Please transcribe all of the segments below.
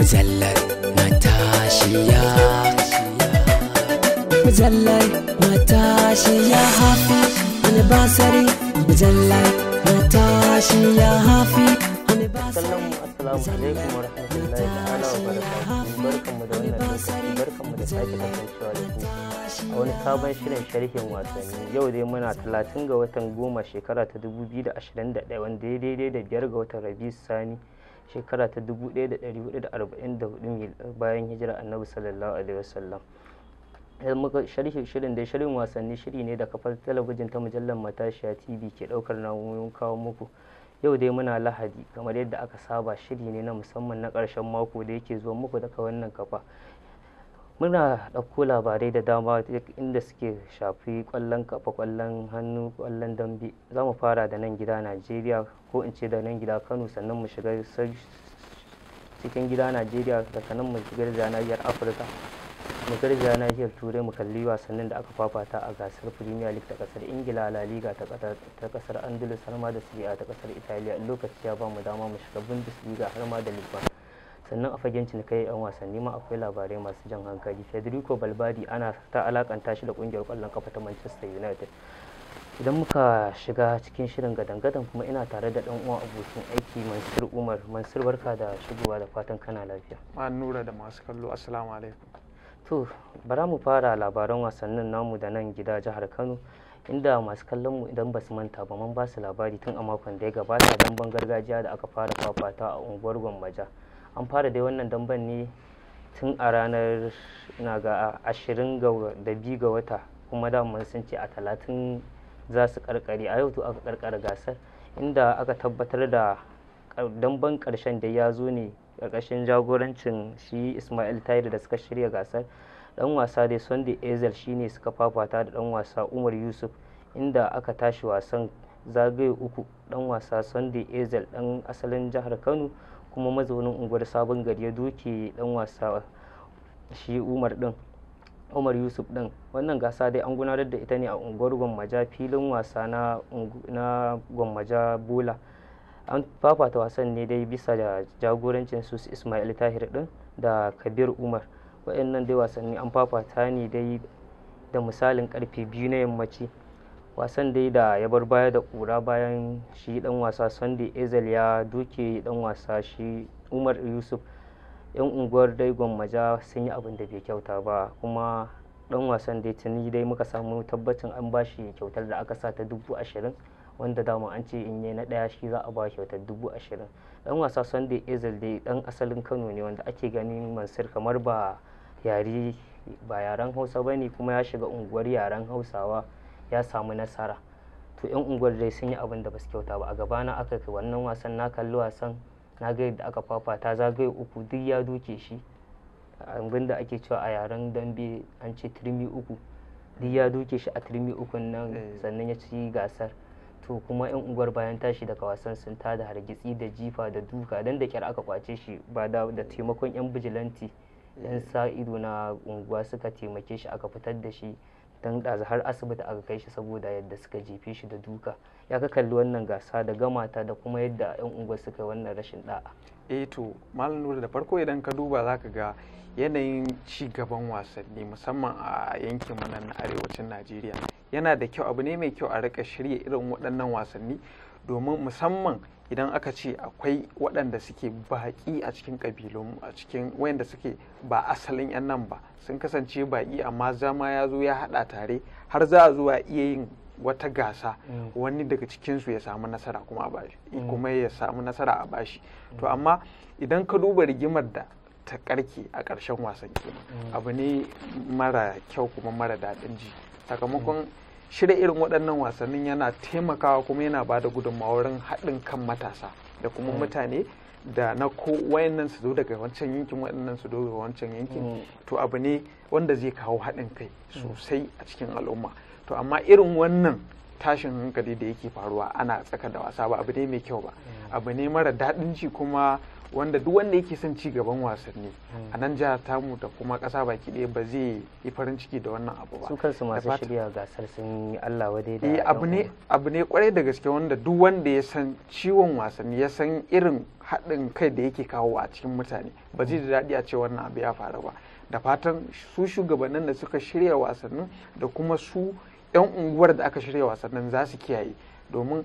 mujallar matashiya mujallar hafi wani basari mujallar matashiya hafi wani basari alaikum wa ta'ala wa barakatuhu barkanmu da wannan barkanmu da sake kasancewa da ku a wani sabon shirin sharhin wasanni yau dai muna talatin ga watan goma shekara ta 2021 wanda ya daidai da biyar ga watan rabis Sani shekara ta 1444 eh, bayan hijira annabi sallallahu alaihi wasallam muka sharhi shirin da shirin wasanni shiri ne da kafar talabijin ta mujallar matashiya tv ke daukar nauyin kawo muku yau dai muna lahadi kamar yadda aka saba shiri ne na musamman na karshen mako da yake zuwa muku daga wannan kafa muna ɗauko labarai da dama inda suke shafi ƙwallon kafa ƙwallon hannu ƙwallon dambe za mu fara da nan gida najeriya ko in ce da nan gida kano sannan mu shiga cikin gida najeriya daga nan mu shiga da nahiyar afirka mu garja nahiyar turai mu kalli wasannin da aka fafata a gasar premier league ta kasar ingila la liga ta kasar andalus har ma da serie ta kasar italiya lokaci ya ba mu dama mu shiga bundesliga har ma da liban sannan a fagen cinikai 'yan wasanni ma akwai labarai masu jan hankali federico balbadi ana ta alakanta shi da kungiyar kwallon kafa ta manchester united idan muka shiga cikin shirin gadan-gadan kuma ina tare da dan uwa abokin aiki mansur umar mansur barka da shigowa da fatan kana lafiya ma nura da masu kallo assalamu alaikum to bara mu fara labaran wasannin namu da nan gida jihar kano inda masu kallon mu idan basu manta ba mun ba su labari tun a makon da ya gabata ban gargajiya da aka fara fafata a unguwar gwammaja an fara dai wannan damban ne tun a ranar na ga ashirin da biyu ga wata kuma da sun ce a talatin za su karkare a yau to aka karkara gasar inda aka tabbatar da damben karshen da ya zo ne karkashin jagorancin shi ismail tayir da suka shirya gasar dan wasa dai sunday ezel shine suka fafata da dan wasa umar yusuf inda aka tashi wasan zagaye uku dan wasa sunday ezel dan asalin jihar kano kuma mazaunin unguwar sabon gari ya doke dan wasa shi umar din umar yusuf din wannan gasa dai an gudanar da ita ne a unguwar gwammaja filin wasa na, na gwammaja bola an fafata wasan ne dai bisa da jagorancin su ismail tahir din da kabir umar waɗannan dai wasanni an fafata ne dai da misalin karfe biyu na yammaci wasan dai da ya bar baya da kura bayan shi dan wasa sunday ezel ya duke dan wasa shi umar yusuf yan unguwar dai gwammaja sun yi abin bai kyauta ba kuma dan wasan dai tuni dai muka samu tabbacin an ba shi kyautar da aka sa ta dubu ashirin wanda dama an ce in yi na ɗaya shi za a ba kyautar dubu ashirin dan wasa sunday ezel dai dan asalin kano ne wanda ake ganin mansir kamar ba yare ba yaren hausa ba ne kuma ya shiga unguwar yaren hausawa ya samu nasara to yan unguwar dai sun yi abin da ba su kyauta ba a gaba na aka kai wannan wasan na kalli wasan na ga yadda aka fafata zagaye uku duk ya duke shi abin da ake cewa a yaren dambe an ce turmi uku duk ya duke shi a turmi uku nan eh. sannan ya ci gasar to kuma yan unguwar bayan tashi daga wasan sun da hargitsi da jifa da duka don da kyar aka kwace shi ba da taimakon yan bijilanti yan eh. sa ido na unguwa suka taimake shi aka fitar da shi don ɗazu har asibiti aka kai shi saboda yadda suka jefe shi da duka ya ka kalli wannan gasa da gamata da kuma yadda 'yan unguwa suka yi wannan rashin da'a eh to malam nura da farko idan ka duba zaka ga yanayin ci gaban wasanni musamman a yankin mu nan arewacin najeriya yana da kyau abu ne mai kyau a rika shirya irin waɗannan wasanni domin musamman idan aka ce akwai waɗanda suke baƙi a cikin ƙabilun a cikin wayanda suke ba asalin 'yan nan ba sun kasance baƙi amma zama ya zo ya haɗa tare har za a zuwa iya yin wata gasa mm. wani daga cikinsu ya samu nasara kuma a bashi mm. kuma ya samu nasara a bashi mm. to amma idan ka duba rigimar da ta karke a ƙarshen wasan kenan abu ne mara kyau kuma mara daɗin ji sakamakon shirya irin waɗannan wasannin yana taimakawa kuma yana ba da gudunmawarin haɗin kan matasa da kuma mm. mutane da na ko wayannan su zo daga wancan yankin waɗannan su zo daga wancan yankin mm. to abu ne wanda zai kawo haɗin kai mm. sosai a cikin al'umma to amma irin wannan tashin hankali da yake faruwa ana tsaka da wasa ba abu ne mai kyau ba abu ne mara daɗin ji kuma wanda duk wanda yake son ci gaban wasanni hmm. a nan jihar tamu da kuma kasa baki ɗaya ba zai yi farin ciki da wannan abu ba su kansu masu shirya gasar sun yi Allah wadai da eh, abu ne abu ne kwarai da gaske wanda duk wanda ya san ciwon wasanni ya san irin haɗin kai da yake kawo a cikin mutane ba zai da daɗi a ce wannan abu ya faru ba da fatan su shugabannin da suka shirya wasannin da kuma su 'yan unguwar da aka shirya wasannin za su kiyaye domin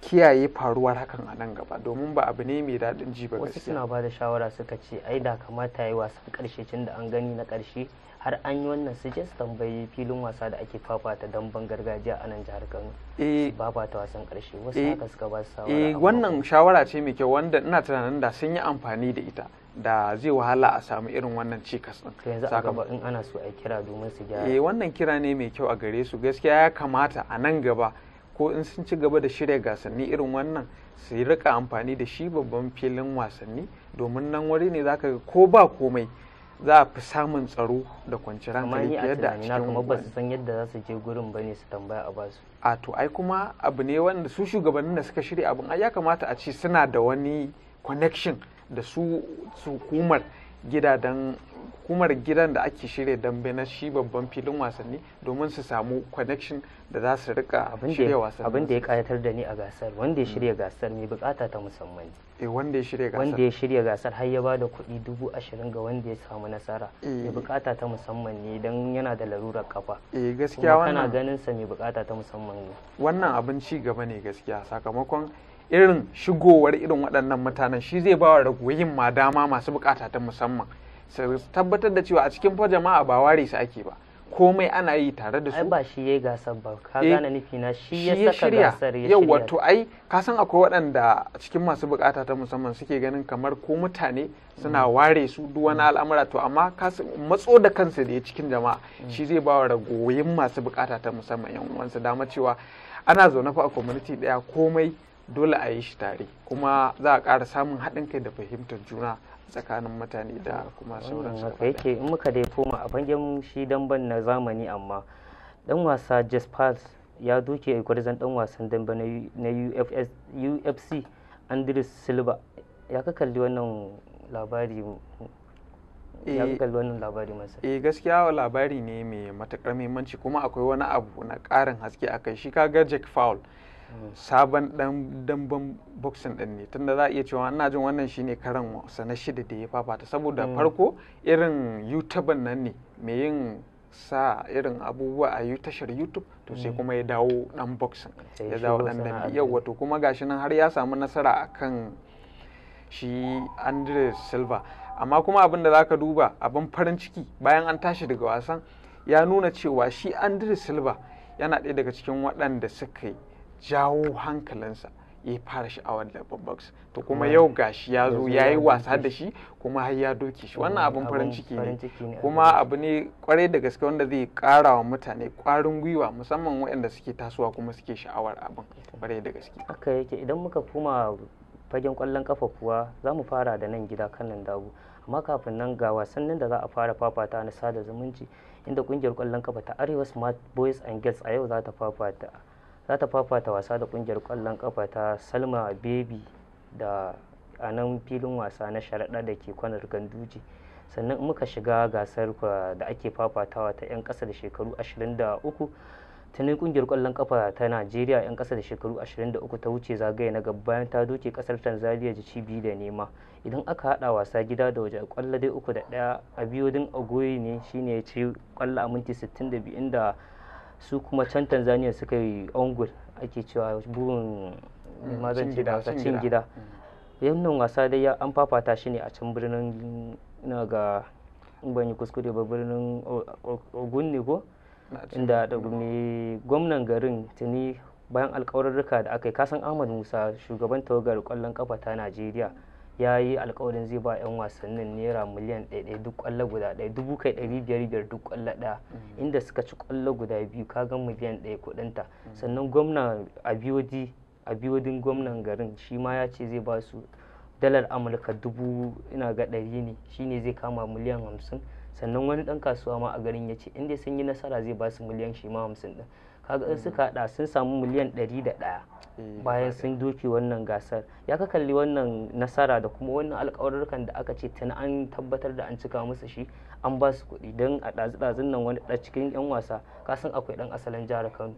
kiyaye faruwar hakan a nan gaba domin ba abu ne mai daɗin ji ba wasu suna ba da shawara suka ce ai da kamata yi wasan karshe tun da an gani na karshe har an yi wannan suggest tambayi filin wasa da ake fafata ban gargajiya a nan jihar Kano eh, fafata wasan karshe wasu eh, haka suka ba su shawara eh, wannan shawara ce mai kyau wanda ina tunanin da sun yi amfani da ita da zai wahala a samu irin wannan cikas din yanzu in ana so a kira domin su gyara eh wannan kira ne mai kyau a gare su gaskiya ya kamata a nan gaba ko in sun ci gaba da shirya gasanni irin wannan su rika amfani da shi babban filin wasanni domin nan wuri ne za ga ko ba komai za a fi samun tsaro da kwanciyar hankali fiye da a cikin kuma ba su san yadda za su je gurin ba ne su tambaya a basu a to ai kuma abu ne wanda su shugabannin da suka shirya abin ya kamata a ce suna da wani connection da su hukumar gidajen hukumar gidan da ake shirya dambe na shi babban filin wasanni domin su samu connection da za su rika shirya wasanni abin da ya kayatar da ni a gasar wanda ya hmm. shirya gasar mai bukata ta musamman eh, wanda ya shirya gasar wanda ya shirya gasar har ya ba da kuɗi dubu ashirin ga wanda ya samu nasara mai eh. bukata ta musamman ne don yana da larurar kafa eh gaskiya wannan kana ganin sa mai bukata ta musamman ne wannan abin ci gaba ne gaskiya sakamakon irin shigowar irin waɗannan mutanen shi zai ba wa ragoyin ma dama masu bukata ta musamman su tabbatar da cewa a cikin fa jama'a ba ware su ake ba komai ana yi tare da su ai ba shi yayi gasar ba ka eh, gane nufi na shi ya saka gasar ya shirya yau wato ai ka san akwai waɗanda cikin masu bukata ta musamman suke ganin kamar ko mutane suna mm. ware su duk wani mm. al'amura to amma ka matso da kansa da ya cikin jama'a mm. shi zai ba wa ragoyin masu bukata ta musamman yan uwansa dama cewa ana zaune fa a community daya komai dole a yi shi tare kuma za a kara samun haɗin kai da fahimtar juna tsakanin mutane da kuma sauransu yake in muka dai koma a fangin shi danbe na zamani amma dan wasa Jaspers ya doke gwarzon dan wasan dambe na UFC Andres Silva ya ka kalli wannan labari ya eh, kalli wannan labari eh gaskiya labari ne mai matakar muhimmanci kuma akwai wani abu na karin haske akai shi kaga Jack Fowl sabon dan damben boxing din ne tunda za a iya cewa ina jin wannan shine karan wasa na shida da ya fafata saboda mm. farko irin youtube nan ne mai yin sa irin abubuwa a tashar youtube to sai mm. kuma ya dawo dan boxing ya dawo dan dambe yau wato kuma gashi nan har ya samu nasara akan shi andre silva amma kuma abin da zaka duba abin farin ciki bayan an tashi daga wasan ya nuna cewa shi andre silva yana ɗaya daga cikin waɗanda suka yi jawo hankalinsa ya fara sha'awar da box to kuma yau gashi ya zo ya yi wasa da shi kuma har ya doke shi wannan abin farin ciki ne kuma abu ne kwarai da gaske wanda zai kara wa mutane kwarin gwiwa musamman waɗanda suke tasowa kuma suke sha'awar abin kwarai da gaske aka yake idan muka koma fagen kwallon kafa kuwa za mu fara da nan gida kan nan dabu amma kafin nan ga wasannin da za a fara fafata na sada zumunci inda kungiyar kwallon kafa ta arewa smart boys and girls a yau za ta fafata za ta fafata wasa da kungiyar kwallon kafa ta salma bebi da a nan filin wasa na sharaɗa da ke kwanar ganduji sannan muka shiga gasar da ake fafatawa ta 'yan ƙasa da shekaru 23 tuni kungiyar kwallon kafa ta najeriya 'yan ƙasa da shekaru 23 ta wuce zagaye na bayan ta doke ƙasar tanzania ji cibi da nema idan aka haɗa wasa gida da waje kwallo dai uku da ɗaya a biyu din agoyi ne shine ya ci kwallo a minti 62 inda su kuma can tanzania suka yi ongul ake cewa burin mm, mazanci da cin gida yannan mm. wasa dai an fafata shi ne a can birnin na ga ban yi kuskure ba birnin ogun ne ko inda da gwamnan garin tuni bayan alkawarurruka da aka yi kasan ahmad musa shugaban tawagar kwallon kafa ta najeriya ya yi alkawarin zai ba 'yan wasannin naira miliyan ɗaya duk kwallo guda ɗaya dubu kai ɗari biyar biyar duk kwallo ɗaya mm. inda suka ci kwallo guda biyu ka ga miliyan ɗaya kuɗinta mm. sannan gwamna abiyodi abiyodin gwamnan garin shi ma ya ce zai ba su dalar amurka dubu ina ga ɗari ne shi ne zai kama miliyan hamsin sannan wani ɗan kasuwa ma a garin ya ce inda sun yi nasara zai ba su miliyan shi ma hamsin ɗin kaga in mm. suka hada sun samu miliyan ɗari da ɗaya eh, bayan sun doke wannan gasar ya ka kalli wannan nasara da kuma wannan alkawarurkan da aka ce tun an tabbatar da an cika musu shi an ba su kuɗi don a ɗazu-ɗazun nan wani ɗa cikin 'yan wasa kasan akwai ɗan asalin jihar kano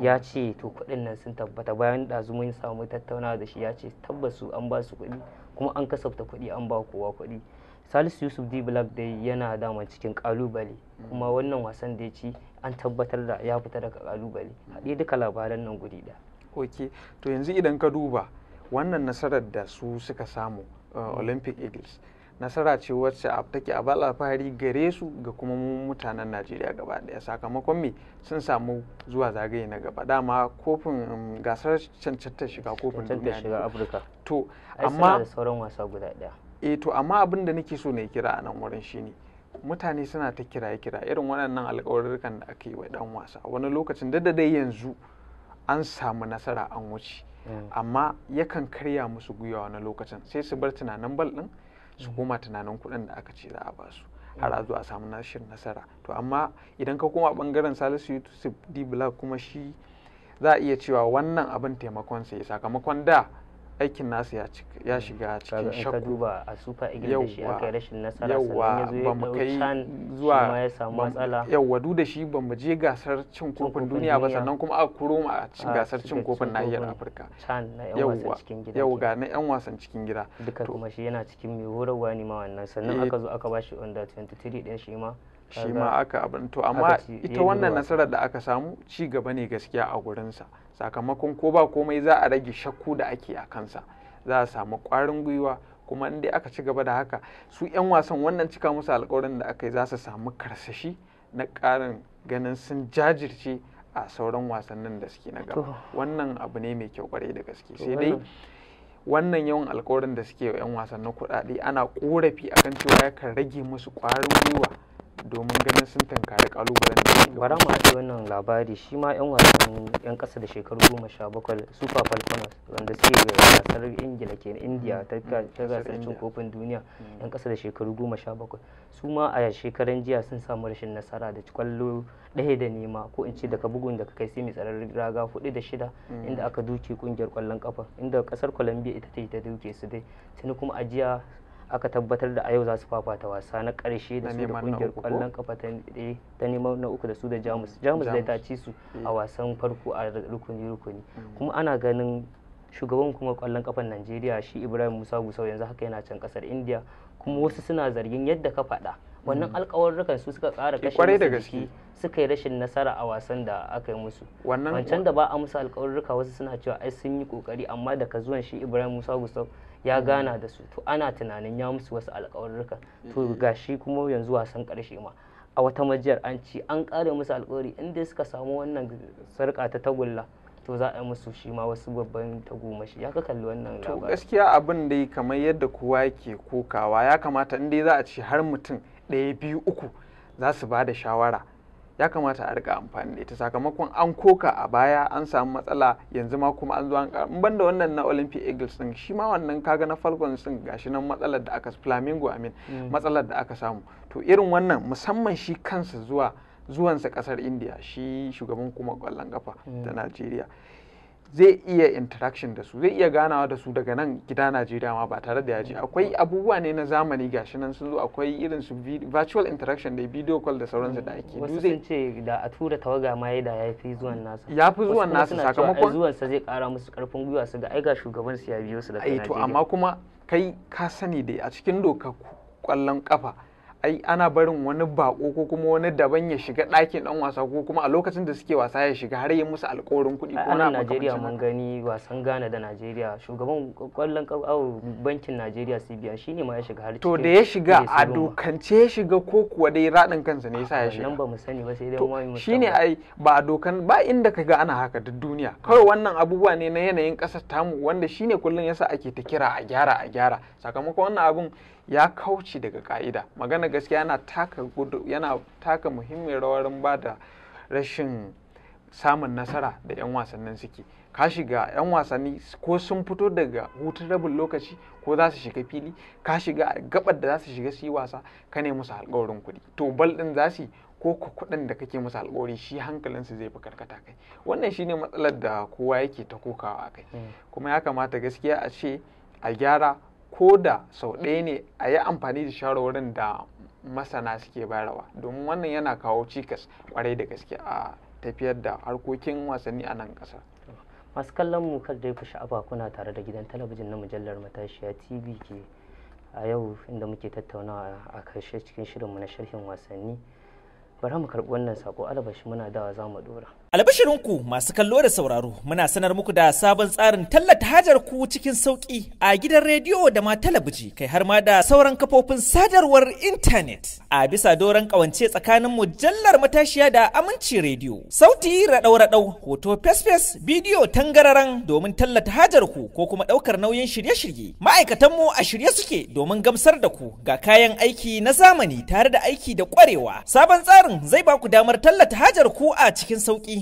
ya ce to kuɗin nan sun tabbata bayan ɗazu mun samu tattaunawa da shi ya ce tabbas su an ba su kuɗi kuma an kasafta kuɗi an ba kowa kuɗi salisu yusuf d black da yana dama cikin kalubale kuma mm. wannan wasan da ya ci an tabbatar da ya fita daga kalubale mm. haɗe duka labaran nan guri da ok to yanzu idan ka duba wannan nasarar da su suka samu uh, mm. olympic eagles nasara ce wacce a take a alfahari gare su ga kuma mutanen najeriya gaba daya sakamakon me sun samu zuwa zagaye na gaba dama kofin um, gasar ta shiga kofin duniya amma da eh, amma abin da nake so na kira a nan wurin shine mutane suna ta kiraye kira irin waɗannan alƙawarurrukan da aka yi wa dan wasa wani lokacin da da dai yanzu an samu nasara an wuce mm. amma yakan karya musu gwiwa wani lokacin sai su bar tunanin bal din su koma tunanin kuɗin da aka ce za a ba su har a zo a samu nashin nasara to amma idan ka koma bangaren salisu yusuf d black kuma shi za a iya cewa wannan abin taimakon sai sakamakon da aikin nasu ya ya shiga cikin shakku ka duba a super eagle da shi aka yi rashin nasara sannan ya zo kai zuwa ya samu matsala yawa duk da shi ba mu je gasar cin kofin duniya ba sannan kuma a kuro mu a gasar cin kofin nahiyar afirka gida yawa ga na yan wasan cikin gida duka kuma shi yana cikin mai horarwa ne ma wannan sannan eh. aka zo aka bashi under 23 din shi ma shi ma aka abin to amma ita wannan nasarar da aka samu ci gaba ne gaskiya a gurinsa sakamakon ko ba komai za a rage shakku da ake a kansa za a samu ƙwarin gwiwa kuma in dai aka ci gaba da haka su 'yan wasan wannan cika musu alkawarin da aka yi za su samu karsashi na ƙarin ganin sun jajirce a sauran wasannin da suke na gaba wannan abu ne mai kyau kwarai da gaske sai dai wannan yawan alkawarin da suke 'yan wasan na kuɗaɗe ana ƙorafi akan cewa yakan rage musu kwarin gwiwa domin ganin sun tankari kalubalen da bara mu wannan labari shi ma yan wasan yan kasa da shekaru goma sha bakwai super falconers wanda suke gasar ingila ke india ta hmm. gasar cin kofin duniya yan hmm. kasa da shekaru goma sha bakwai su ma a shekaran jiya sun samu rashin nasara da kwallo ɗaya da nema ko in ce daga bugun da kai sai mai raga hudu da shida hmm. inda aka duke kungiyar kwallon kafa inda kasar colombia ita ce ta duke su dai tuni kuma a jiya aka tabbatar da a yau za su fafata wasa na karshe da su da kungiyar kwallon kafa ta neman na uku da su da jamus jamus zai ta ci su eh. a wasan farko a rukuni rukuni mm. kuma ana ganin shugaban kuma kwallon kafan najeriya shi ibrahim musa gusau yanzu haka yana can kasar india kuma wasu suna zargin yadda ka faɗa wannan mm. alkawarrukan su suka ƙara eh, kashe da gaske suka yi rashin nasara a wasan da aka yi musu wancan da ba a musu alkawarruka wasu suna cewa ai sun yi ƙoƙari amma daga zuwan shi ibrahim musa gusau ya mm. gana da su to ana tunanin ya musu wasu alƙawarruka to mm. gashi kuma yanzu wasan ƙarshe ma a wata majiyar an ci an ƙare musu alƙawari inda suka samu wannan sarƙa ta tagulla to za a yi musu shi ma wasu babban tagomashi ya ka kalli wannan labarin. to gaskiya abin ya kamar yadda kowa yake kokawa ya kamata in dai za a ci har mutum ɗaya biyu uku za su ba da shawara ya kamata a rika amfani da ita sakamakon an koka a baya an samu matsala yanzu ma kuma an zo an ban da wannan na olympic eagles din shi ma wannan kaga na falcons sun gashi nan matsalar da aka flamingo amin mm. matsalar da aka samu to irin wannan musamman shi kansa zuwa zuwansa kasar india shi shugaban kuma kwallon kafa da mm. najeriya zai iya interaction da su zai iya ganawa da su daga nan gida Najeriya ma ba tare da yaji akwai abubuwa ne na zamani gashi nan sun zo akwai irin su virtual interaction da video call da sauransu da ake wasu sun ce da a tura tawaga ma ya da yafi zuwan nasa ya fi zuwan nasa sakamakon zuwan sa zai kara musu karfin gwiwa su ga ai ga shugaban su ya biyo su da kai to amma kuma kai ka sani dai a cikin doka kwallon kafa ai ana barin wani bako ko kuma wani daban ya shiga ɗakin ɗan wasa ko kuma a lokacin da suke wasa ya shiga har yi musu alkawarin kuɗi ko na Najeriya mun gani wasan Ghana da Najeriya shugaban kwallon kawo bankin Najeriya CBN shine ma ya shiga har to da ya shiga a dokance ya shiga ko kuwa dai radin kansa ne yasa ya shiga nan ba mu sani ba sai dai mu shine ai ba dokan ba inda kaga ana haka duk duniya kawai wannan abubuwa ne na yanayin ƙasar tamu wanda shine kullun yasa ake ta kira a gyara a gyara sakamakon wannan abun ya kauce daga ka'ida magana gaskiya yana taka gudu yana taka muhimmin rawarin ba da rashin samun nasara da 'yan wasannin suke ka shiga 'yan wasanni ko sun fito daga hutun rabin lokaci ko za su shiga fili ka shiga gabar da za su shiga su yi wasa ka ne musu alkawarin kuɗi to bal ɗin za su ko kuɗin da kake musu alkawari shi hankalinsu zai fi karkata kai wannan shine matsalar da kowa yake ta kokawa akai. kai hmm. kuma ya kamata gaskiya a ce a gyara ko da sau ɗaya ne a yi amfani da shawarwarin da masana suke bayarwa domin wannan yana kawo cikas kwarai da gaske a tafiyar da harkokin wasanni a nan ƙasa masu kallon mu kar dai ku sha'afa kuna tare da gidan talabijin na mujallar matashiya tv ke a yau inda muke tattaunawa a karshe cikin shirinmu na sharhin wasanni bari mu karɓi wannan sako alabashi muna dawa za mu dora Albashirinku masu kallo da sauraro muna sanar muku da sabon tsarin tallata hajar ku cikin sauƙi a gidan rediyo da ma talabiji kai har ma da sauran kafofin sadarwar intanet a bisa doron ƙawance tsakanin mujallar matashiya da aminci rediyo. Sauti raɗau-raɗau hoto fesfes bidiyo tangararan domin tallata hajar ku ko kuma ɗaukar nauyin shirye-shirye. ma'aikatan mu a shirye suke domin gamsar da ku ga kayan aiki na zamani tare da aiki da ƙwarewa. Sabon tsarin zai ba ku damar tallata hajar ku a cikin sauƙi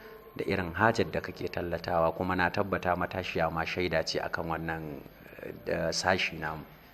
da irin hajar da kake tallatawa kuma na tabbata matashiya ma shaida ce akan wannan eh, sashi namu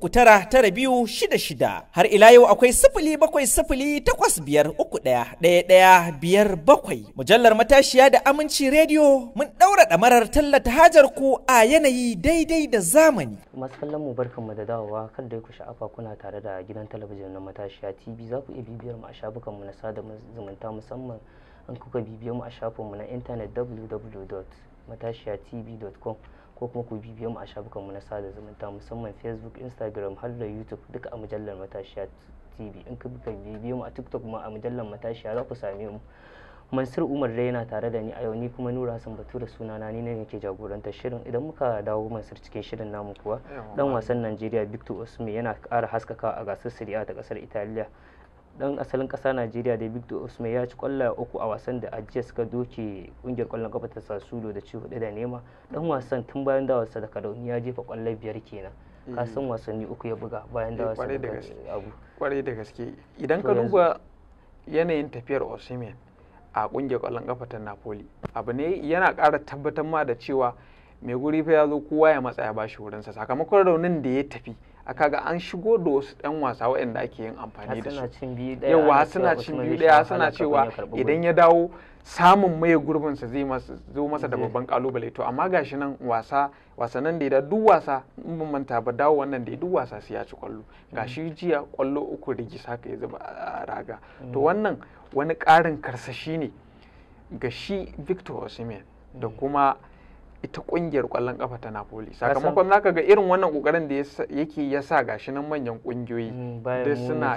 uku tara tara biyu shida shida har ila yau akwai sifili bakwai sifili takwas biyar uku ɗaya ɗaya ɗaya biyar bakwai mujallar matashiya da aminci rediyo mun ɗaura ɗamarar tallata hajar ku a yanayi daidai da zamani. Masu kallon mu barkan mu da dawowa kan da ya ku afa kuna tare da gidan talabijin na matashiya tv za ku iya bibiyar mu a shafukan mu na sada zumunta musamman an kuka bibiyar mu a mu na intanet www.matashiyatv.com ko kuma ku bibiye mu a shafukanmu na sada zumunta musamman facebook instagram har da youtube duka a mujallar matashiya tv in ka bibiya mu a tiktok ma a mujallar matashiya za ku same mu mansur umar dai yana tare da ni a yau ni kuma nura hassan bature sunana ni ne ke jagorantar shirin idan muka dawo mansur cikin shirin namu kuwa dan wasan najeriya victor osimhen yana kara haskaka a gasar serie ta ƙasar italiya dan asalin kasa najeriya da victor osimhen ya ci kwallaye uku a wasan da ajiya suka doke kungiyar kwallon kafa ta sasulo da ci hudu da nema dan wasan tun bayan sa da kaduna ya jefa kwallon biyar kenan mm. kasan wasanni uku ya buga bayan sa da eh, abu kwarai da gaske idan ka duba yanayin tafiyar osimhen a kungiyar kwallon kafa ta napoli abu ne yana ƙara tabbatar ma da cewa mai guri fa ya zo kowa ya matsa ya bashi sa sakamakon raunin da ya tafi a kaga an shigo da wasu ɗan wasa waɗanda ake yin amfani da su yawa suna cin biyu ɗaya suna cewa idan ya dawo samun mai gurbinsa zai zo masa da babban kalubale to amma gashi nan wasa wasannin da ya duk wasa in ban manta ba dawo wannan da duk wasa sai ya ci kwallo gashi mm. jiya kwallo uku rigisa ka ya zuba a raga to mm. wannan wani ƙarin karsashi ne ga shi Victor Osimhen da mm. kuma ita kungiyar kwallon kafa ta Napoli sakamakon zaka ga irin wannan kokarin da yake ya sa gashi nan manyan kungiyoyi mm, da suna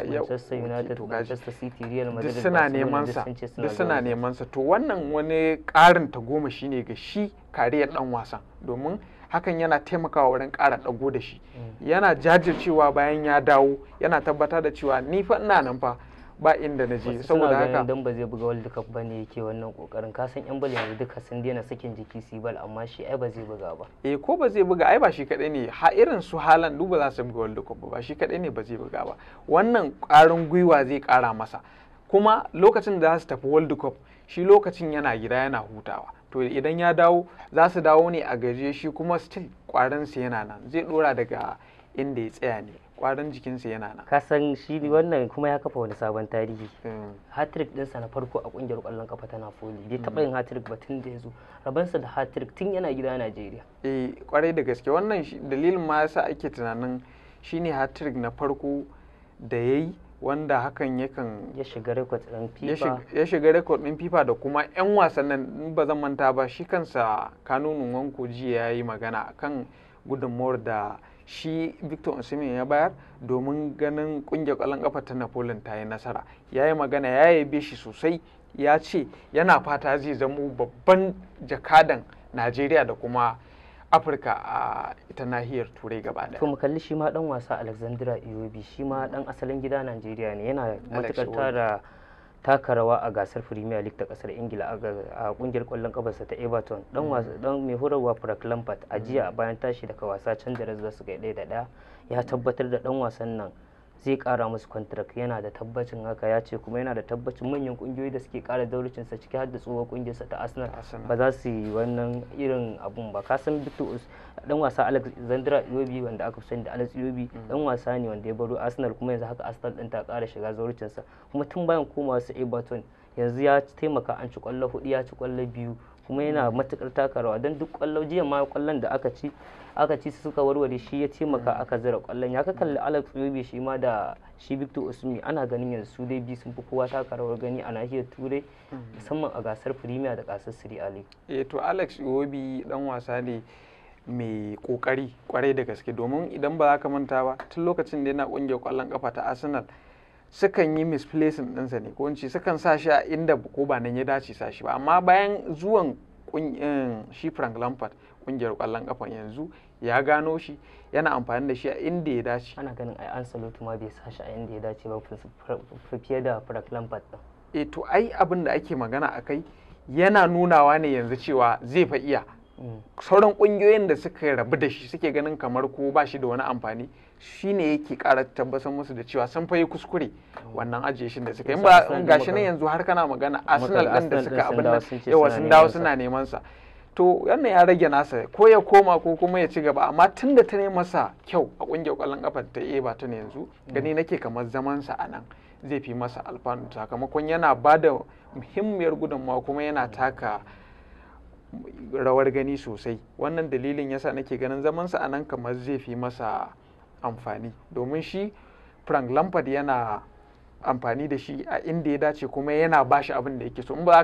neman sa suna to wannan wani karin ta goma shine ga shi kariyar dan wasan domin hakan yana taimakawa wurin kara dago da shi mm. yana jajircewa bayan ya dawo yana tabbatar da cewa ni fa ina nan fa ba inda na je saboda haka dan ba zai buga World Cup bane yake wannan kokarin ka san yan bali yanzu duka sun daina sakin jiki su bal amma shi ai ba zai buga ba eh ko ba zai buga ai ba shi kadai ne ha irin su halan duba za su buga World Cup ba shi kadai ne ba zai buga ba wannan karin gwiwa zai kara masa kuma lokacin da za su tafi World Cup shi lokacin yana gida yana hutawa to idan ya dawo za su dawo ne a gaje shi kuma still kwarinsa yana nan zai dora daga inda ya tsaya ne kwarin jikinsa yana nan kasan shi wannan kuma ya kafa wani sabon tarihi hmm. hat-trick dinsa na farko a kungiyar kwallon kafa ta napoli bai hmm. taba yin hat-trick ba tun da ya zo rabansa da hat-trick tun yana gida najeriya e eh, kwarai da gaske wannan dalilin ma yasa ake tunanin shine hat-trick na farko da yi wanda hakan yakan ya shiga rekod din FIFA ya shiga rekod din FIFA da kuma yan wasan nan ba zan manta ba shi kansa kanunin wanko jiya yi magana akan gudunmuwar da shi victor osimhen ya bayar domin ganin kungiyar kwallon kafa ta napoleon ta yi nasara ya yi magana ya yabe shi sosai ya ce yana fata zai zamo babban jakadan najeriya da kuma afirka a ita nahiyar turai gaba daya to mu kalli shi ma dan wasa alexandra iwobi shi ma dan asalin gida najeriya ne yana matukar tara taka rawa a gasar Premier League ta kasar Ingila a kungiyar kwallon kafarsa ta Everton mm. dan mai horarwa Frank Lampard a jiya mm. bayan tashi daga wasa can da za ga ɗaya da ɗaya ya tabbatar da dan wasan nan zai kara musu contract yana da tabbacin haka ya ce kuma yana da tabbacin manyan kungiyoyi da suke kara daurucin sa ciki har da tsohuwar sa ta Arsenal ba za su yi wannan irin abun ba ka san Bitus dan wasa Alexandra Iwobi wanda aka sani da Alex Iwobi dan mm. wasa ne wanda ya baro Arsenal kuma yanzu haka Arsenal din ta kara shiga daurucin sa kuma tun bayan komawa su Everton yanzu ya taimaka an ci kwallo hudu ya ci kwallo biyu kuma yana matukar taka rawa don duk kwallo jiya ma kwallon da aka ci aka ci suka warware shi ya ce maka mm. aka zira kwallon ya ka kalli alex yobe shi ma da shi victor osimi ana ganin yanzu su dai biyu sun fi kowa taka rawar gani a nahiyar turai mm. musamman a gasar premier da gasar siri ali eh to alex yobe dan wasa ne mai kokari kwarai da gaske domin idan ba za ka manta ba tun lokacin da yana kungiyar kwallon kafa ta arsenal sukan yi misplacing ɗinsa ne ko ce sukan sa shi a inda ko ba nan ya dace sa shi ba amma bayan zuwan eh, shi Frank Lampard kungiyar kwallon kafa yanzu ya gano shi yana amfani da shi a inda ya dace ana ganin ai ma bai sa shi a inda ya dace ba fiye da Frank Lampard ɗin eh to ai abin da ake magana a kai yana nunawa ne yanzu cewa zai fa iya mm. sauran kungiyoyin da suka rabu da shi suke ganin kamar ko ba shi da wani amfani shi ne yake ƙara tabbatar musu da cewa sun fayi kuskure wannan ajiye shi da suka yi ga shi nan yanzu har kana magana arsenal ɗin da suka abin nan yawa sun dawo suna neman sa to wannan ya rage nasa ko ya koma ko kuma ya ci gaba amma tun da ta masa kyau a ƙungiyar ƙwallon ƙafar ta eba ta yanzu gani mm. nake kamar sa a nan zai fi masa alfanu sakamakon yana ba da muhimmiyar gudunmawa kuma yana mm. taka rawar gani sosai wannan dalilin yasa nake ganin zamansa a nan kamar zai fi masa amfani domin shi frank lampard yana amfani da shi a inda ya dace kuma yana ba shi abin da yake so in ba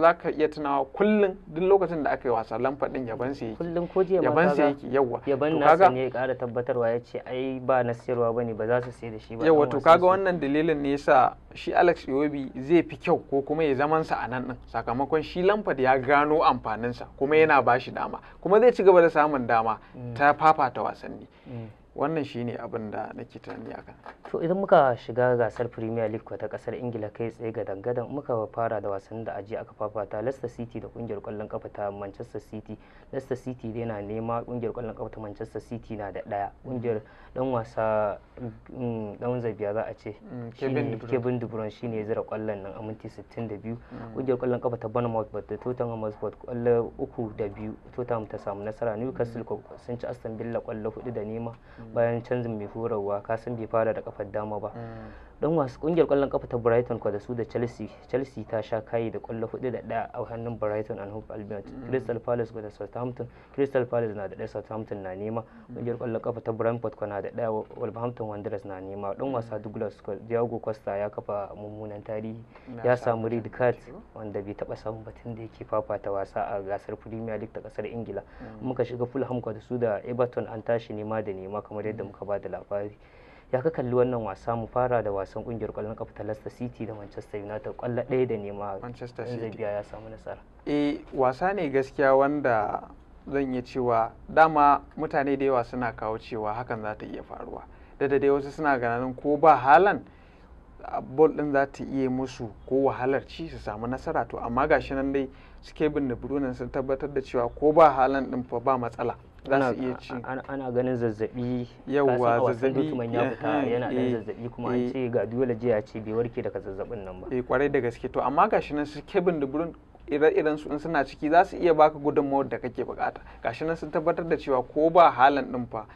za ka iya tunawa kullum duk lokacin da aka yi wasa lamfar din yaban sai yake kullum ko yaban sai yake yawa yaban nasa ne ya ƙara tabbatarwa ya ce ai ba na sayarwa ne ba za su sai da shi ba yawa to kaga wannan dalilin ne yasa shi Alex Iwobi zai fi kyau ko kuma ya zaman sa a nan din sakamakon shi lamfad ya gano amfanin sa kuma yana ba shi dama kuma zai ci gaba da samun dama mm. ta fafata wasanni mm. wannan shine abin da nake tunani akan to idan muka shiga gasar premier league ta kasar ingila kai tsaye ga dangadan muka fara da wasan da aji aka fafata leicester city da kungiyar kwallon kafa ta manchester city leicester city dai na nema kungiyar kwallon kafa ta manchester city na da daya kungiyar dan wasa dan mm, zabiya za a ce mm, kevin de bruyne shine ya zira kwallon nan a minti 62 kungiyar mm. kwallon kafa ta bournemouth ba ta tottenham hotspur kwallo uku da biyu tottenham ta samu nasara newcastle sun ci aston villa kwallo 4 da nema bayan canjin mai horarwa ka san bai fara da kafar dama ba mm. don wasu kungiyar kwallon kafa ta brighton kwa da su da chelsea chelsea ta sha kayi da kwallo hudu da daya a hannun brighton and hove albion mm. crystal palace kwa southampton crystal palace na da daya southampton na nema kungiyar kwallon kafa ta brentford kwa na da daya wolverhampton wanderers na nema don mm. wasa douglas diago costa ya kafa mummunan tarihi ya samu red card wanda bai taba samu batun da yake fafata wasa a gasar premier league ta kasar ingila mm. muka shiga fulham kwa da su da everton an tashi nema da nema kamar yadda muka ba da labari ya ka kalli wannan wasa mu fara da wasan kungiyar kwallon kafa ta Leicester City da Manchester United kwallo ɗaya da nema Manchester City ya samu nasara eh wasa ne gaskiya wanda zan iya cewa dama mutane da yawa suna kawo cewa hakan za ta iya faruwa da da dai wasu suna ganin ko ba halan bol din za ta iya musu ko wahalar ci su samu nasara to amma gashi nan dai suke bin da burunan sun tabbatar da cewa ko ba halan din fa ba matsala ana ana ganin zazzabi yawa zazzabi ya fita eh, yana da eh, zazzabi kuma an eh. ce ga dole jiya ce bai warke daga zazzabin nan ba eh kwarai da gaske to amma gashi nan su kebin da burin ire-iren su in suna ciki za su iya baka gudunmawar da kake bukata gashi nan sun tabbatar da cewa ko ba halan din fa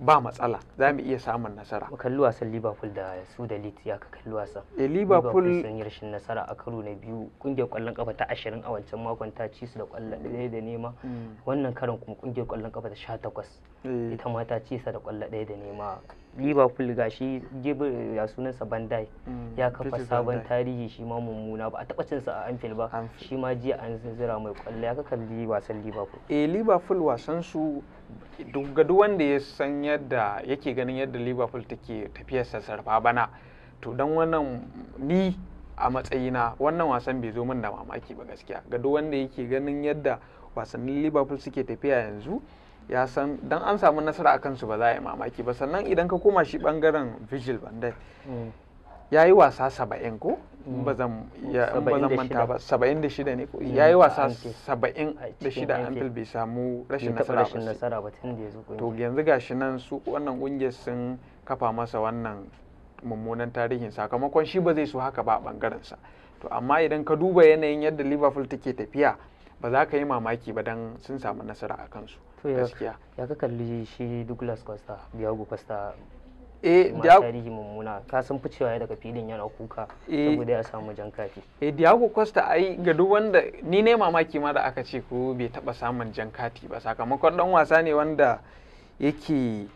ba matsala za mu iya samun nasara. Mu kalli wasan Liverpool da su da Leeds ya ka kalli wasan. E Liverpool sun yi rashin nasara a karo na biyu kungiyar kwallon kafa ta ashirin a wancan makon ta ci su da kwallon ɗaya da nema. Mm. Wannan karon kuma kungiyar kwallon kafa ta sha takwas Eh. ita ma ta ci sa da kwallo ɗaya da nema liverpool gashi gebe ya sunansa bandai mm, ya kafa sabon tarihi shi ma mummuna ba a taɓa sa a anfield ba shi ma jiya an zira mai kwallo ya kalli wasan liverpool eh liverpool wasan su ga duk wanda ya san yadda yake ganin yadda liverpool take tafiyar sarfa bana to dan wannan ni a matsayina wannan wasan bai zo min da mamaki ba gaskiya ga duk wanda yake ganin yadda wasannin liverpool suke tafiya yanzu ya san dan an samu nasara a kansu ba za a yi mamaki ba sannan idan ka koma shi bangaren vigil bandai mm. ya yi wasa saba'in ko mm. ba zan manta ba saba'in da shida ne ko mm. ya yi wasa saba'in da shida fil bai samu rashin nasara ba to yanzu ga shi nan su wannan kungiyar sun kafa masa wannan mummunan tarihin sakamakon shi ba zai so haka ba a bangarensa to amma idan ka duba yanayin yadda liverpool take tafiya ba za ka yi mamaki ba dan sun samu nasara a kansu to ya ka kalli shi Douglas Costa Diego Costa eh tarihi mummuna ka san ficewa daga filin yana kuka eh. saboda ya samu jan kafi. eh Diego Costa ai ga duk wanda ni ne mamaki ma da aka ce ko bai taba samun jan kati ba sakamakon dan wasa ne wanda yake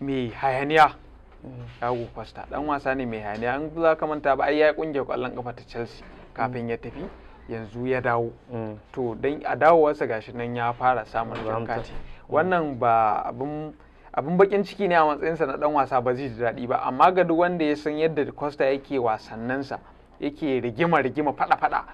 mai hayaniya mm. Diego Costa dan wasa ne mai hayaniya an za ka manta ba ai ya kungiya kwallon kafa ta Chelsea kafin ya tafi yanzu ya dawo mm. to don a dawowarsa gashi nan ya fara samun jan mm. wannan ba abin abin bakin ciki ne a matsayin sa na dan wasa ba zai ji daɗi ba amma ga duk wanda ya san yadda Costa yake wasannansa yake rigima rigima fada fada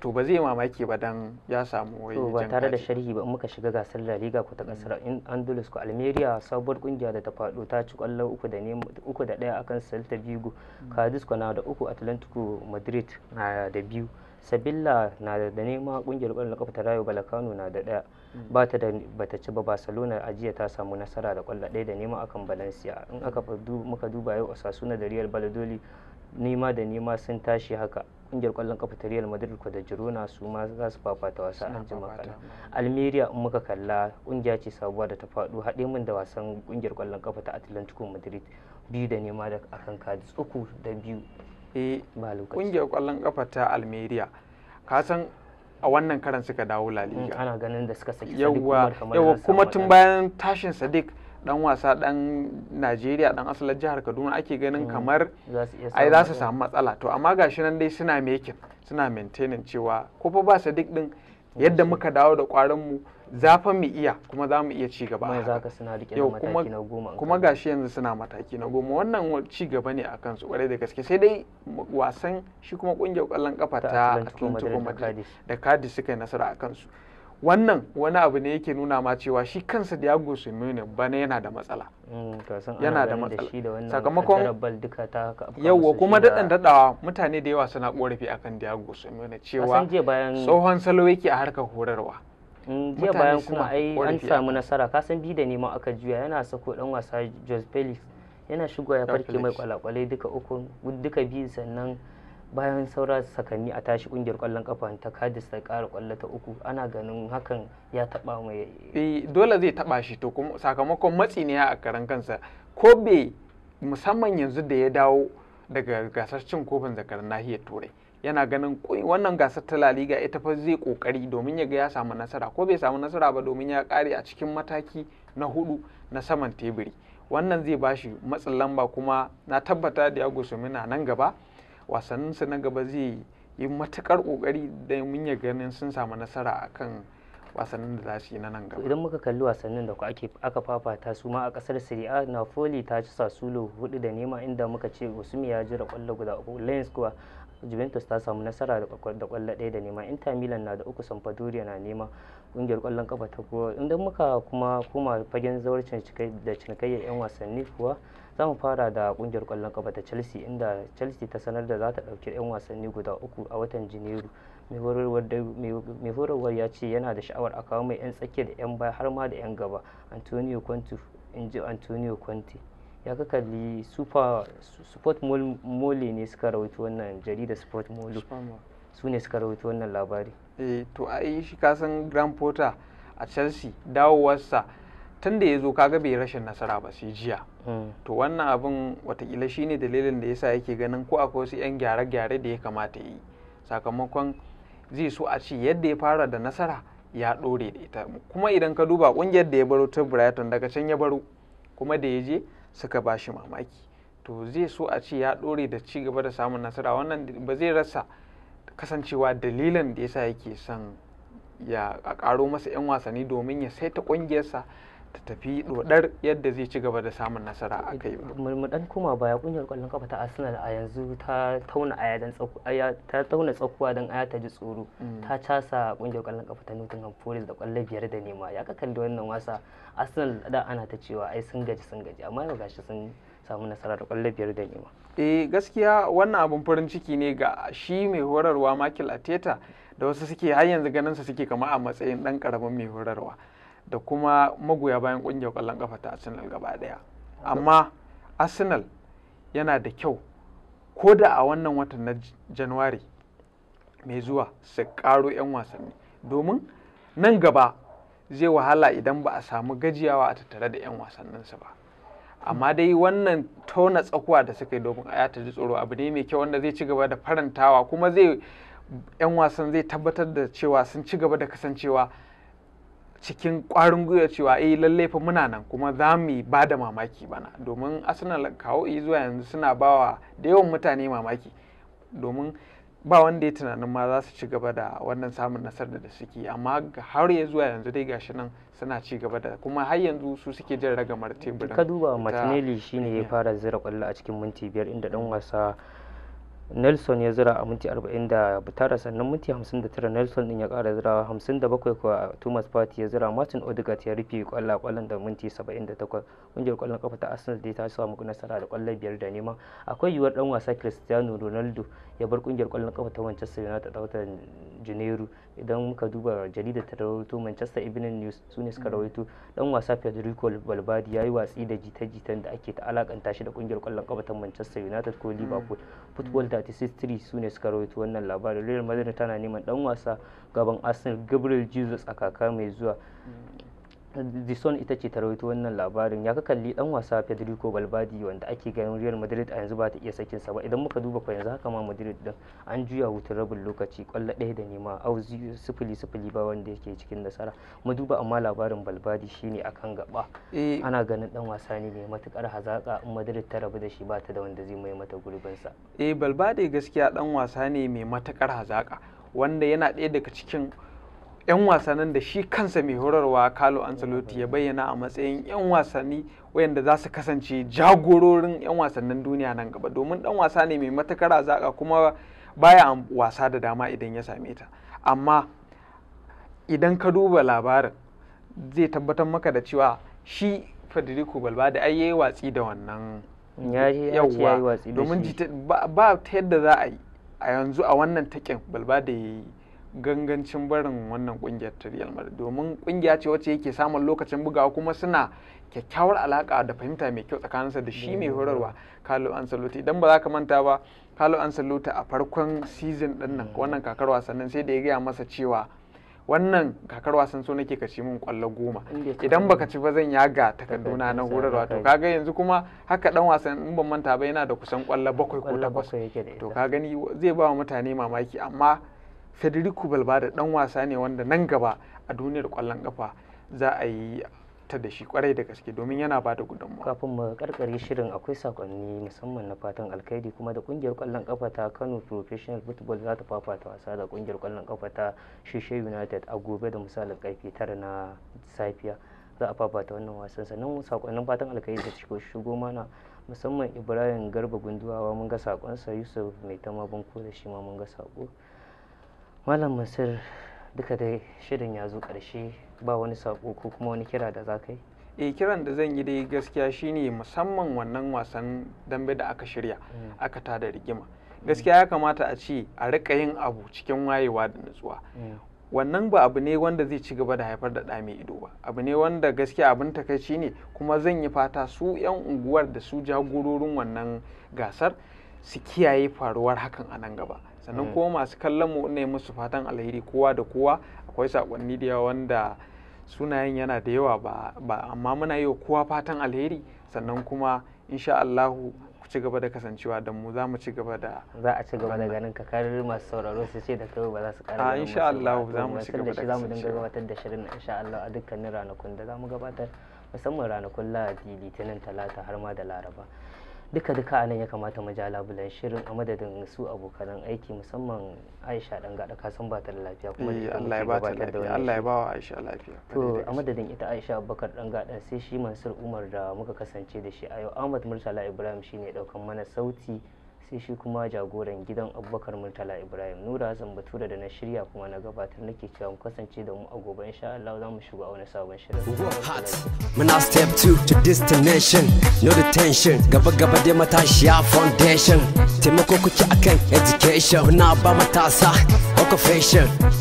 to ba zai mamaki ba dan ya samu wai ba tare da sharhi ba in muka shiga gasar La Liga ko ta kasar mm. Andalus ko Almeria sabuwar kungiya da ta fado ta ci kwallo uku da ne uku da daya akan Celta Vigo Cadiz ko na da uku Atlantico Madrid da biyu sabilla na da ma kungiyar kwallon kafa ta rayo balakano na da daya mm. ba ta da bata ci ba barcelona ajiya ta samu nasara da kwallo daya da nema akan valencia in aka muka duba yau osasuna da real baladoli nema da nema sun tashi haka kungiyar kwallon kafa ta Real Madrid da Girona su ma za su fafata wasa an jima kana Almeria in muka kalla kungiya ce sabuwa da ta faɗo haɗe mun da wasan kungiyar kwallon kafa ta Atlantico Madrid biyu da nema da akan kadi uku da biyu eh kungiyar kwallon kafa ta almeria ka san a wannan karan suka dawo la mm, liga ana ganin da suka saki yawa kuma tun bayan tashin sadiq dan wasa dan Najeriya dan asalin jihar Kaduna ake ganin mm, kamar ai za su samu matsala to amma gashi nan dai suna making suna maintaining cewa kofa ba Sadiq din yadda muka dawo da kwarin mu zafin mu iya kuma za mu iya ci gaba a haka yau kuma gashi yanzu suna mataki na goma wannan ci gaba ne a kansu kwarai da gaske sai dai wasan shi kuma kungiyar kwallon kafa ta Atletico Madrid da kadi suka yi nasara a kansu wannan wani abu ne yake nuna ma cewa shi kansa Diego Simeone bana yana da matsala mm, yana da matsala sakamakon yauwa kuma daɗin daɗawa mutane da yawa suna ƙorafi akan Diego Simeone cewa tsohon salo yake a harkar horarwa jiya bayan kuma ai an samu nasara kasan bi da neman aka juya yana sako dan wasa Jos Felix yana shigo ya farke mai kwalakwalai duka uku duka biyu sannan bayan saura sakanni a tashi kungiyar kwallon kafa ta Cardiff ta kara kwallo ta uku ana ganin hakan ya taba mai eh dole zai taba shi to kuma sakamakon matsi ne a karan kansa ko be musamman yanzu da ya dawo daga gasar cin kofin zakarar nahiyar turai yana ganin wannan gasar ta La Liga ita fa zai kokari domin ya ga ya samu nasara ko bai samu nasara ba domin ya kare a cikin mataki na hudu na saman teburi wannan zai bashi matsin lamba kuma na tabbata da Yago Sumina nan gaba wasannin su na gaba zai yi matukar kokari domin ya ganin sun samu nasara akan wasannin da za su yi na nan gaba. Idan muka kalli wasannin da aka fafata su ma a kasar Serie A Napoli ta ci Sassuolo hudu da nema inda muka ce Osimi ya jira kwallo guda uku Lens kuwa juventus ta samu nasara da kwallo ɗaya da nema inter milan na da uku Sampdoria na nema kungiyar kwallon kafa ta kowa inda muka kuma koma fagen zaurcin da cinikayyar 'yan wasanni kuwa za mu fara da kungiyar kwallon kafa ta chelsea inda chelsea ta sanar da za ta ɗauki 'yan wasanni guda uku a watan janairu mai horarwar ya ce yana da sha'awar a kawo mai 'yan tsakiya da 'yan baya har ma da 'yan gaba antonio conte in ji antonio conte ya ka kalli sport mole ne suka rawaito wannan jarida sport mole su ne suka rawaito wannan labari eh to ai shi kasan grand porter a chelsea dawowarsa tun da ya zo kaga bai rashin nasara ba sai jiya hmm. to wannan abin watakila shine dalilin da yasa yake ganin ko akwai wasu 'yan gyare-gyare da ya kamata yi sakamakon zai so a ce yadda ya fara da nasara ya ɗore da ita kuma idan ka duba ƙungiyar da ya baro ta brighton daga can ya baro kuma da ya je suka ba shi mamaki to zai so a ce ya ɗore da ci gaba da samun nasara wannan ba zai rasa kasancewa dalilin da yasa yake son ya ƙaro masa 'yan wasanni domin ya saita ƙungiyarsa ta tafi dodar yadda zai ci gaba da samun nasara a kai ba. mu dan koma baya kungiyar kwallon kafa ta arsenal a yanzu ta tauna aya dan ta tauna tsakuwa dan aya ta ji tsoro mm. ta casa kungiyar kwallon kafa ta nottingham forest da kwallon biyar da nema ya ka kalli wannan wasa arsenal da ana ta cewa ai sun gaji sun gaji amma yau gashi sun samu nasara da kwallon biyar da nema. eh gaskiya wannan abun farin ciki ne ga shi mai horarwa michael ateta da wasu suke har yanzu ganin su suke kama a matsayin dan karamin mai horarwa. da kuma magoya bayan ƙungiyar kwallon kafa ta arsenal gaba daya amma arsenal yana da kyau ko da a wannan watan na januwari mai zuwa su karo 'yan wasanni domin nan gaba zai wahala idan ba a samu gajiyawa a tattare da 'yan wasanninsu ba amma dai wannan tona tsakuwa da suka yi domin a ta ji tsoro abu ne mai kyau wanda zai ci gaba da farantawa kuma zai 'yan wasan zai tabbatar da cewa sun ci gaba da kasancewa cikin ƙwarin gwiwa cewa eh lallai fa muna nan kuma za mu yi ba da mamaki bana domin arsenal kawo zuwa yanzu suna bawa da yawan mutane mamaki domin ba wanda ya tunanin ma za su ci gaba da wannan samun nasarar da suke amma har ya zuwa yanzu dai gashi nan suna ci gaba da kuma har yanzu su suke jin ragamar teburin ka duba martinelli shine ya fara zira kwallo a cikin minti biyar inda dan wasa nelson ya zira a minti 49 sannan minti 59 nelson din ya kara zirawa 57 kuwa thomas party ya zira martin odegaard ya rufe kwallon kwallon da minti 78 kungiyar kwallon kafa ta arsenal dai ta samu nasara da kwallon biyar da neman akwai yiwuwar dan wasa cristiano ronaldo ya bar kungiyar kwallon kafa ta Manchester United a watan Janairu idan muka duba jaridar ta rawaito Manchester Evening News su ne suka rawaito dan wasa Federico Valverde ya yi watsi da jita-jitan da ake ta alakanta shi da kungiyar kwallon kafa ta Manchester United ko Liverpool Football 36 sune su ne suka rawaito wannan labarin Real Madrid tana neman dan wasa gaban Arsenal Gabriel Jesus a kaka mai zuwa sun ita ce ta rawaito wannan labarin ya ka kalli dan wasa Federico Balbadi wanda ake ganin Real Madrid a yanzu ba ta iya sakin sa ba idan muka duba kwa yanzu haka ma Madrid din an juya hutun rabin lokaci kwallo ɗaya da nema au sifili sifili ba wanda yake cikin nasara mu duba amma labarin Balbadi shine akan gaba eh. ana ganin dan wasa ne mai matukar hazaka in Madrid ta rabu da shi ba ta da wanda zai mai mata gurbin sa eh Balbadi gaskiya dan wasa ne mai matukar hazaka wanda yana ɗaya daga cikin 'yan wasannin da shi kansa mai horarwa Carlo Ancelotti ya bayyana a matsayin 'yan wasanni wayanda za su kasance jagororin 'yan wasannin duniya nan gaba domin dan wasa ne mai matakara zaka kuma baya wasa da dama idan ya same ta amma idan ka duba labarin zai tabbatar maka da cewa shi Federico Balbade ai yayi watsi da wannan yawwa domin ba ta yadda za a yi a yanzu a wannan takin Balbade yayi gangancin barin wannan kungiyar ta Real Madrid domin kungiya ce wacce yake samun lokacin bugawa kuma suna kyakkyawar alaka da fahimta mai kyau tsakaninsa da shi mai horarwa Carlo Ancelotti idan ba za ka manta ba Carlo Ancelotti a farkon season din nan wannan kakar wasannin sai da ya gaya masa cewa wannan kakar wasan so nake ka ci min kwallo goma idan baka ci ba zan yaga takarduna na horarwa to kaga yanzu kuma haka dan wasan in ban manta ba yana da kusan kwallo bakwai ko takwas to ka gani zai ba mutane mamaki amma federico balbada dan wasa ne wanda nan gaba a duniyar kwallon kafa za a yi ta da shi kwarai da gaske domin yana ba da gudunmu kafin mu karkare shirin akwai sakonni musamman na fatan alkhairi kuma da kungiyar kwallon kafa ta Kano Professional Football za ta fafata wasa da kungiyar kwallon kafa ta Shishe United a gobe da misalin karfe tara na safiya za a fafata wannan wasan sannan sakonnin fatan alkhairi da shigo shigo mana musamman Ibrahim Garba Gunduwawa mun ga sakonsa Yusuf Mai Tama Banko da shi ma mun ga sako malam masir duka dai shirin ya zo ƙarshe ba wani sako ko kuma wani kira da za ka yi e kiran da zan yi dai gaskiya shine musamman wannan wasan dambe da aka shirya mm. aka tada rigima mm. gaskiya ya kamata a ce a rika yin abu cikin wayewa da nutsuwa mm. wannan ba abu ne wanda zai ci gaba da haifar da ɗa mai ido ba abu ne wanda gaskiya abin takaici ne kuma zan yi fata su 'yan unguwar da su jagororin wannan gasar su kiyaye faruwar hakan a nan gaba sannan mm. kuma masu kallon mu ne musu fatan alheri kowa da kowa akwai sakonni da yawa wanda sunayen yana da yawa ba amma muna yi wa kowa fatan alheri sannan kuma insha Allahu ku ci gaba da kasancewa da mu za mu ci gaba da za a ci gaba da ganin ka kar masu sauraro su ce da kai ba za su kara a insha Allah za mu ci gaba da za mu dinga gabatar da shirin insha Allah a dukkanin ranakun da za mu gabatar musamman ranakun Lahadi Litinin Talata har ma da Laraba duka duka anan ya kamata mu ja labulan shirin a madadin su abokan aiki musamman Aisha dan gada ka san ba ta lafiya kuma eh, Allah ya ba ta lafiya Allah ya ba wa Aisha lafiya to a madadin ita Aisha Abubakar dan gada sai shi Mansur Umar da muka kasance da shi a yau Ahmad Murtala Ibrahim shine daukan mana sauti sai shi kuma jagoran gidan abubakar murtala ibrahim nura hassan batura da na shirya kuma na gabatar nake cewa mu kasance da mu a gobe insha Allah za mu shiga wani sabon shirin hot muna step 2 to destination no detention gaba gaba dai matashiya foundation taimako kuke akan education Muna ba matasa occupation